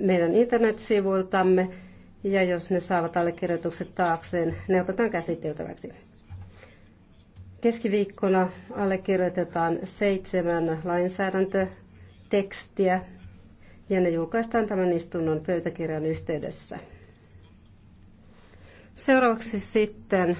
meidän internetsivuiltamme ja jos ne saavat allekirjoitukset taakseen, ne otetaan käsiteltäväksi. Keskiviikkona allekirjoitetaan seitsemän lainsäädäntötekstiä ja ne julkaistaan tämän istunnon pöytäkirjan yhteydessä. Seuraavaksi sitten